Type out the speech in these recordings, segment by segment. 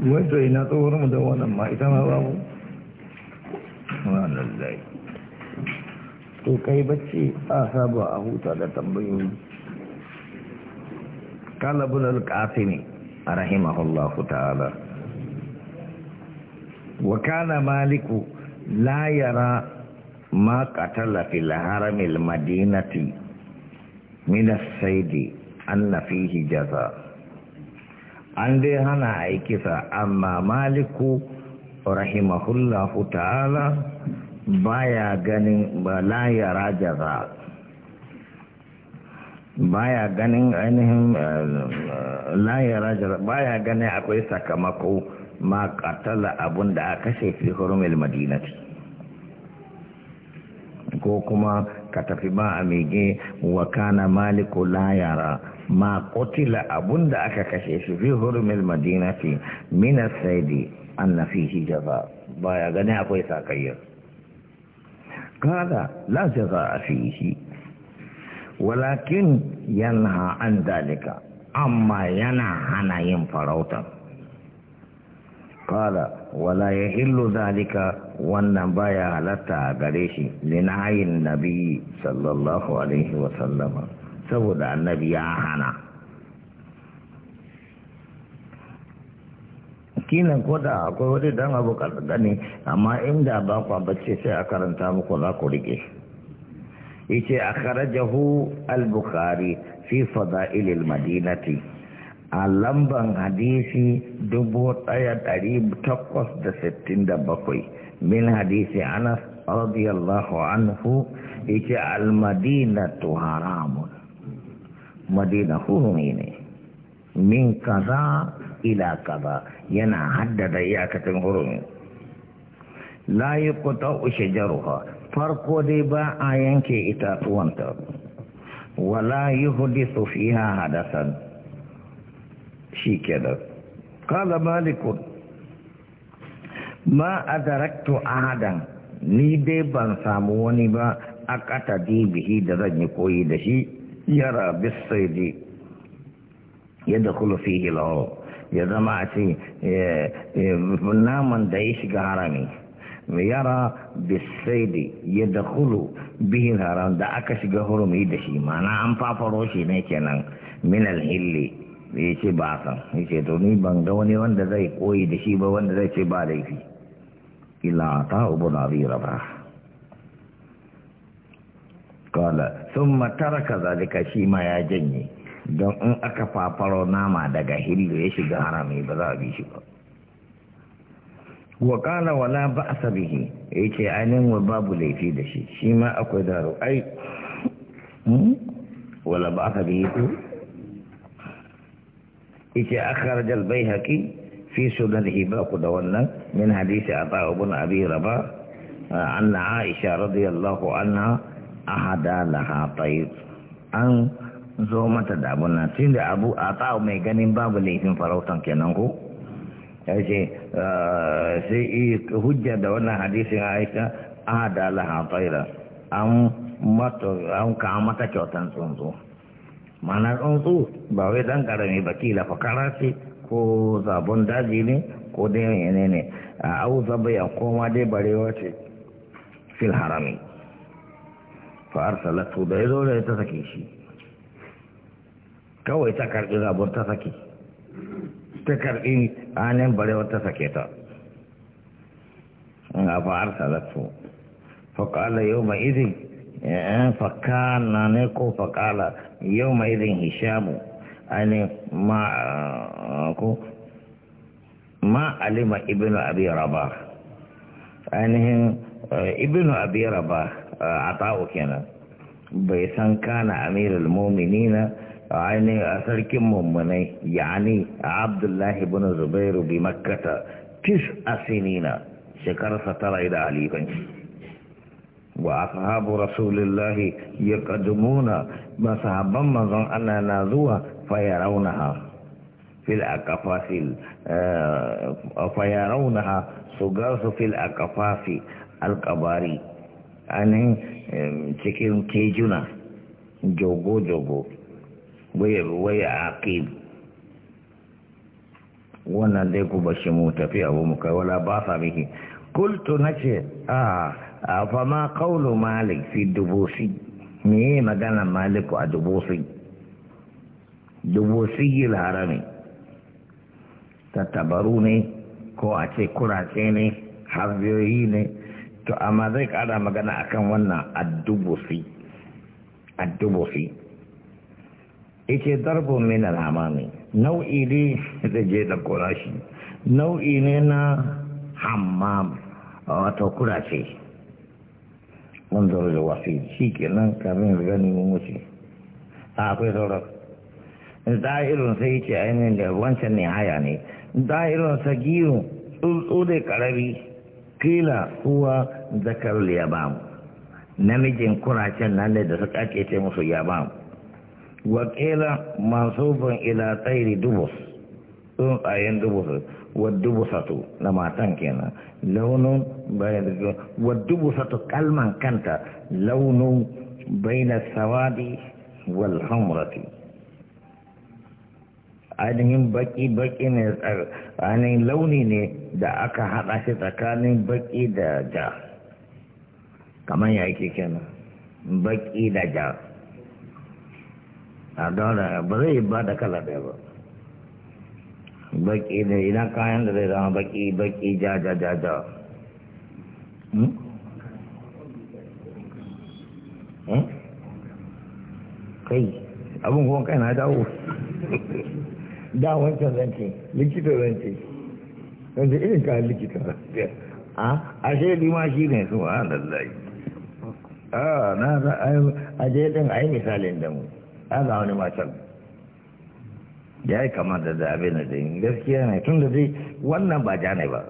wato ina tsohuwar mu da wannan ma ita ma babu wannan zai to kai bacci a saba a huta da tambayoyi kalabun alƙasini a rahimahullahu ta'ala wa kana maliku la yara ما قتل في madinati. المدينة من السيد أن فيه جزاء an dai hana a yi kisa amma maliku rahimahullahu ta'ala baya ganin ba la ya rajaza baya ganin ainihin eh, la ya ba baya ganin akwai sakamako ma katala abun da aka kashe fi hurumil madinati ko kuma katafi ba a mege wa kana maliku la yara ma qutila abunda aka kashe shi fi hurumil madinati mina saidi an na fi fihi jaza ya gani akwai sakayyar kada la jaza a fi shi walakin yanha an dalika amma yana hana yin farauta قال ولا يحل ذلك wannan baya halatta a gare shi linayin nabi sallallahu alaihi wasallama saboda annabi ya hana kinan koda akwai wani dan abu karɗaɗa amma inda ba kwa bacci sai a karanta muku za ku rike yace akhrajahu al-bukhari fi al madinati a lamban hadisi dubu ɗaya da sittin da bakwai min hadisi Anas radiyallahu anhu yace al tu haramun madina hurumi ne min kaza ila kaza yana haddada iyakacin hurumi la ushe shajaruha farko dai ba a yanke itatuwanta wala yuhdisu fiha hadasan shikenan qala malikun ma a adaraktu ahadan ni dai ban samu wani ba a kata bihi da zan yi koyi da shi yara bisaidi yadda kula fi lahu ya zama a ce eh, eh, naman da ya shiga harami yara bisaidi yadda hulu bihin haram da aka shiga hurumi da shi mana an fafaro shi ne kenan minal hilli ya ce ba kan ya ce to ni ban ga wani wanda zai koyi da shi ba wanda zai ce ba laifi ila ta ubu na zira ba kala sun matara ka zalika shi ma ya janye don in aka fafaro nama daga hillu ya shiga harami ba za a bi shi ba wa kala wala ba a sabihi ya ce ainihin wa babu laifi da shi shi ma akwai daro ai hmm? wala ba a sabihi ko yace akharajal al-baihaqi fi sunanihi ba ku da wannan min hadisi ata ibn abi rabah anna aisha radiyallahu anha ahada laha tayyib an zo mata da abun nan tun da abu a ta mai ganin babu laifin farautan kenan ko ya ce sai hujja da wannan hadisin aisha ahada laha tayyib an an kawo mata kyautan tsuntsu mana tsuntsu ba wai dan karami ba kila fakara ce ko zabon daji ne ko dai yane ne a ah, au zabai a koma dai barewa ce fil harami fa arsalatu da yazo da ta sake shi kawai ta karbi zabon ta sake ta karbi anan barewa ta sake ta in fa arsalatu fa qala yawma idhi Eh, fakana ne ko fakala yau mai zan hishamu ainihin ma eh, ma alima ibn abi raba ainihin eh, ibn abi raba a ta'o kenan bai san kana amirul muminina ainihin a sarkin mummunai yani abdullahi ibn zubairu bi makkata tis a asinina sa tara da halifanci wa ashabu rasulillahi yaqdumuna masahaban mazan ana na zuwa fayarawnaha fil aqafasil fayarawnaha sugarsu fil aqafasi alqabari ani cikin kejuna jogo jogo waye waye aqib wannan dai ku bashi mu tafi abu mu kai wala ba sa miki kultu nace ah malik فما قول مالك في الدبوسي ميه مجانا مالك الدبوسي دبوسي الهرمي ne ko a ce kurace ne harbiyoyi ne to amma zai kara magana akan wannan a addubusi addubusi ike darbo min ne. nau'i ne da je da kurashi nau'i ne na hammam wato kurace da shi nan الوسيط شيء gani mun غني a akwai sauran da'irin sai ce ainihin da wancan ne haya ne da'irin sa giyu tsuntsu da karabi kila uwa zakar liyabam namijin kuracen nan da su kake ce musu yabam wa kila mansubin ila tsairi dubus tsuntsayen dubus satu, na matan kenan launin bayan da satu kalman kanta launin bayan sawadi wal hamrati ainihin baki-baki ne ainihin launi ne da aka haɗa shi tsakanin baki da ja kamar ya yake kenan baki da ja a daura ba zai ba da kala ɗaya ba baki da ina kayan da zai ah, zama baki baki ja ja ja ja hmm? Hmm? kai abin kuma kai na dawo da wancan zance likita zance zance irin kayan likita a ashe lima shi ne su a lallai a ah, na za a je din a yi misalin da mu a za wani macan. ya yi kama da na da din gaskiya ne tun da zai wannan ba ja ne ba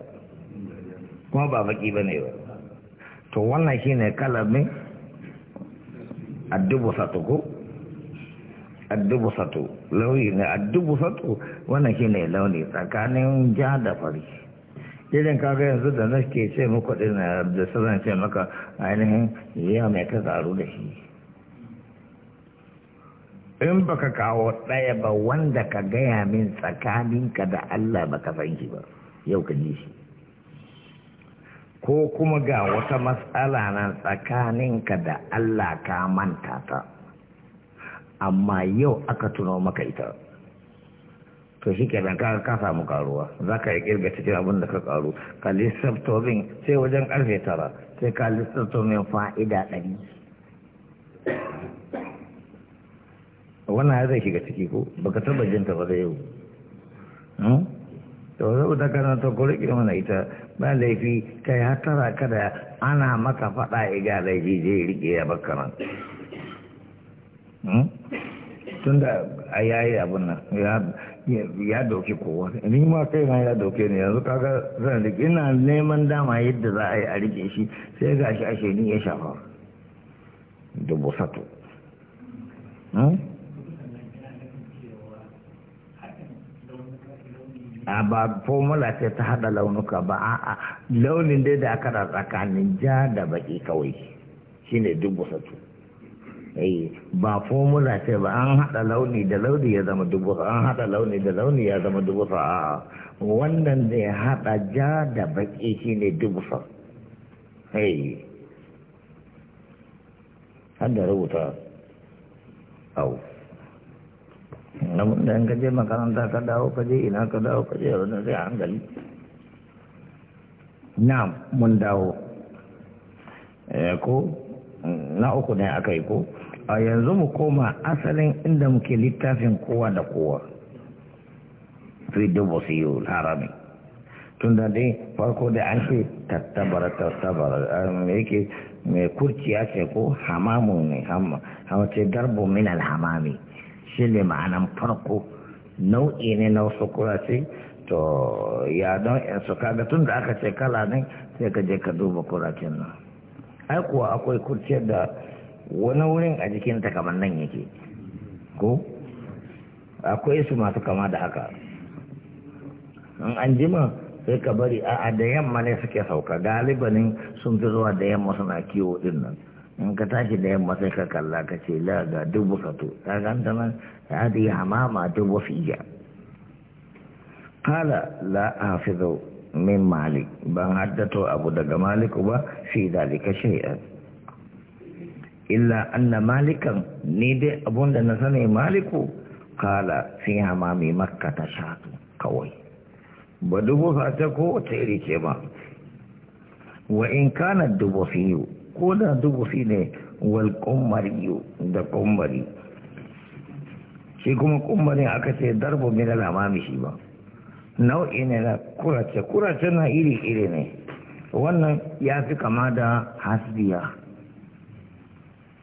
kuma ba baki ba ne ba to wannan shi ne kalamin addubu sato ko addubu sato launi ne dubu sato wannan shi ne launi tsakanin ja da fari irin kaga yanzu da nake ce muku din da sanar ce maka ainihin yau mai ta zaru da shi in baka kawo ɗaya ba wanda ka gaya min tsakaninka da Allah baka san shi ba yau ka ji shi ko kuma ga wata matsala nan tsakaninka da Allah ka manta ta amma yau aka tuno maka ita to shi kenan ka ka samu karuwa za ka yi kirga cikin abin da ka karu ka lissafto min sai wajen karfe tara sai ka lissafto min fa'ida ɗari wannan ya zai shiga ciki ko baka taba jinta ba da yau hmm? to zau da kana to ko rike mana ita ba laifi kai tara kada ana maka fada iga laifi je rike ya baka nan hmm? tunda a yayi abun nan ya doke kowa ni ma kai na ya doke ne yanzu kaga zan da ina neman dama yadda za a yi a rike shi sai gashi ashe ni ya shafa dubu sato hmm? a ba formula ce ta hada launuka ba a launin dai da aka da tsakanin ja da baki kawai shine dubu satu eh ba formula ce ba an hada launi da launi ya zama dubu an hada launi da launi ya zama dubu sa wannan da ya hada ja da baki shine dubu sa eh har da rubuta au dan ka je makaranta ka dawo ka je ina ka dawo ka je wani sai hankali na mun dawo ko na uku ne aka yi ko a yanzu mu koma asalin inda muke littafin kowa da kowa fi dubu siyo harami tun da dai farko da an ce tattabara tattabara me yake mai kurciya ce ko hamamu ne hama ce darbo min alhamami shi ne ma'anan farko nau'i ne na wasu kurace to ya don su kaga tun da aka ce kala ne sai ka je ka duba kuracen nan ai kuwa akwai kurciyar da wani wurin a ta kamar nan yake ko akwai su masu kama da haka in an jima sai ka bari a da yamma ne suke sauka galibanin sun fi zuwa da yamma suna kiwo din nan in ka tashi da yamma sai ka kalla ka ce la ga dubu sato ta ganta nan ya hadi hamama dubu fiya kala la hafizo min malik ban haddato abu daga maliku ba fi dalika shay'an illa anna malikan ni dai abunda na sani maliku kala fi hamami makka ta sha kawai ba dubu fata ko wata iri ce ba wa in kana dubu fiyu ko da dubu fi ne wal kummariyu da kummari shi kuma kummarin aka ce darbo mina lamami shi ba nau'i ne na kurace kurace na iri-iri ne wannan ya fi kama da hasbiya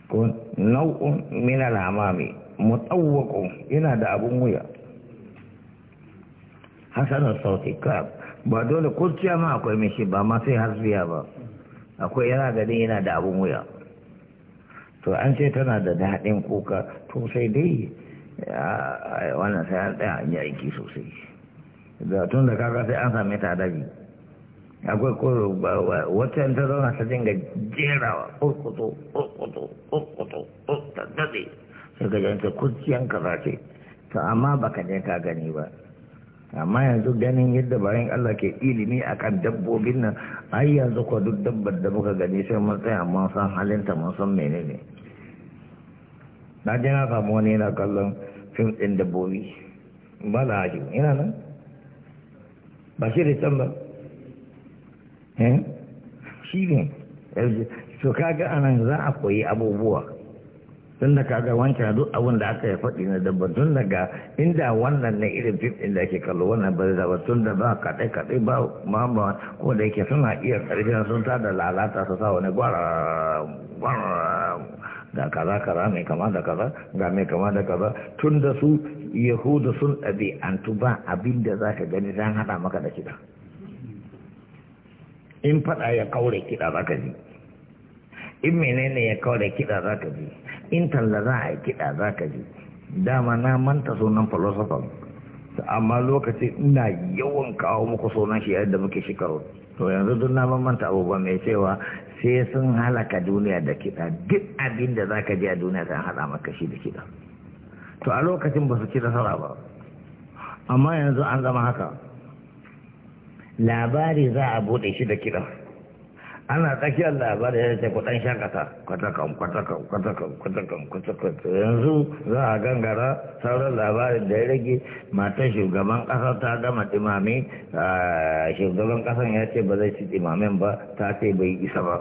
ko nau'un mina lamami amami yana da abun wuya hasanar sauti ka ba dole kurciya ma akwai mishi ba ma sai hasbiya ba akwai yana gani yana da abun wuya to an ce tana da daɗin kuka to sai dai wannan sai an ɗaya an yi aiki sosai da tun da kaka sai an same ta dabi akwai ko wata ta zauna ta dinga jerawa kurkuto kurkuto kurkuto ta daɗe sai ka janta kurciyan ka za ce to amma baka je ka gani ba amma yanzu ganin yadda bayan Allah ke ilimi akan dabbobin nan ai yanzu ko duk dabbar da muka gani sai mun tsaya mun san halinta mun san menene na je na samu wani yana kallon fim ɗin dabbobi ba da haji ina nan ba shi da can ba eh? shi ne eh, to kaga anan za a koyi abubuwa tun da kaga wancan duk abin da aka yi faɗi na dabban tun daga inda wannan ne irin fit ɗin da ke kallo wannan ba zaba tun da ba kaɗai kaɗai ba mamba ko da yake suna iya ƙarfin sun ta da lalata su sa wani gwara da kaza kaza mai kama da kaza ga mai kama da kaza tun da su yahudu sun ɗabi'antu ba abin da za ka gani zan haɗa maka da kiɗa in faɗa ya kaure kiɗa za ka ji in menene ya kaure kiɗa za ka ji in talla za a yi kiɗa za ka ji dama na manta sunan ta amma lokaci ina yawan kawo muku sunan shi yadda muke shekaru to yanzu duk na manta abubuwa mai cewa sai sun halaka duniya da kiɗa duk abin da za ka ji a duniya sun haɗa maka shi da kiɗa to a lokacin ba su ci nasara ba amma yanzu an zama haka labari za a buɗe shi da kiɗa ana tsakiyar labarai ya ce kudan shakata kwatakan kwatakan kwatakan kwatakan kwatakan yanzu za a gangara sauran labarin da ya rage matan shugaban kasar ta gama a shugaban kasar ya ce ba zai ci dimamen ba ta ce bai isa ba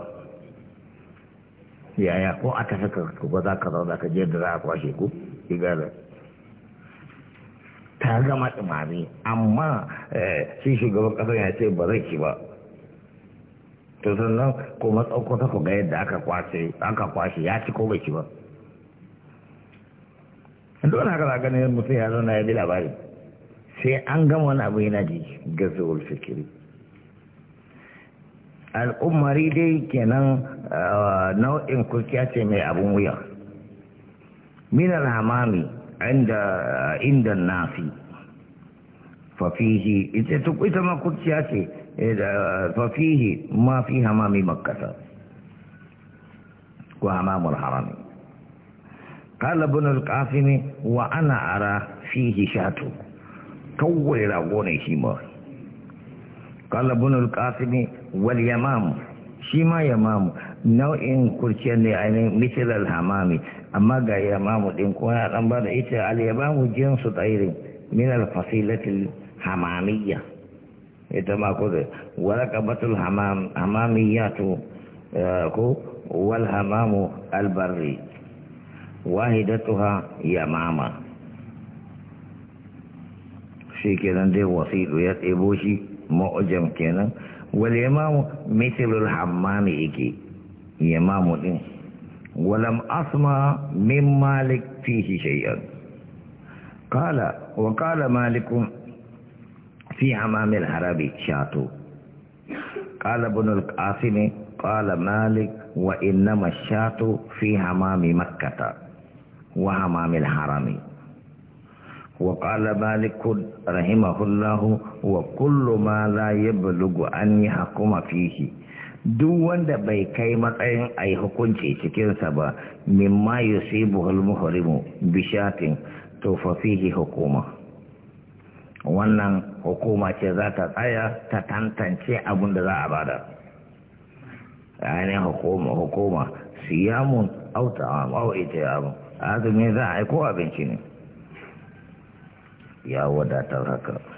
yaya ko aka saka ku ba za ka zauna ka je da za a kwashe ku igala ta gama dimame amma eh, shi shugaban kasar ya ce ba zai ci ba to sannan kuma tsauko ta ga yadda aka kwashe aka kwashe ya ci ko bai ci ba dole haka za ganin mutum ya zauna ya bi labari sai an gama wani abu yana ji gazawar fikiri al'ummari dai kenan ah, nau'in kurkiya ce mai abun wuya minar hamami inda nafi fafihi ita ma kurkiya ce ففيه ما في همام مكة وهمام الحرم قال ابن القاسم وأنا أرى فيه شاتو كوي راغوني شيما قال ابن القاسم واليمام شيما يمام نوع كرشن يعني مثل الحمام أما قال يمام إن كنا نبر إيش اليمام جنس طير من الفصيلة الحمامية itu ma wala kabatul hamam hamamiyatu ku wal hamamu al barri wahidatuha ya mama si kenan de wasilu ya tsebo shi ma'ujam kenan wal imamu mithlul hammami yake yamamu din ولم أسمع من مالك فيه شيئا قال وقال مالك في عمام العرب شاتو قال ابن القاسم قال مالك وإنما الشاة في حمام مكة وحمام الحرم وقال مالك رحمه الله وكل ما لا يبلغ أن يحكم فيه duk wanda bai kai matsayin a yi hukunci cikinsa ba mimma yusibuhul muhrimu bishatin to fa fihi hukuma wannan hukuma ce za ta tsaya ta tantance abin da za a bada ainihin hukuma hukuma siyamun auta mawa ita yawon azumi za a aiko abinci ne ya wadatar haka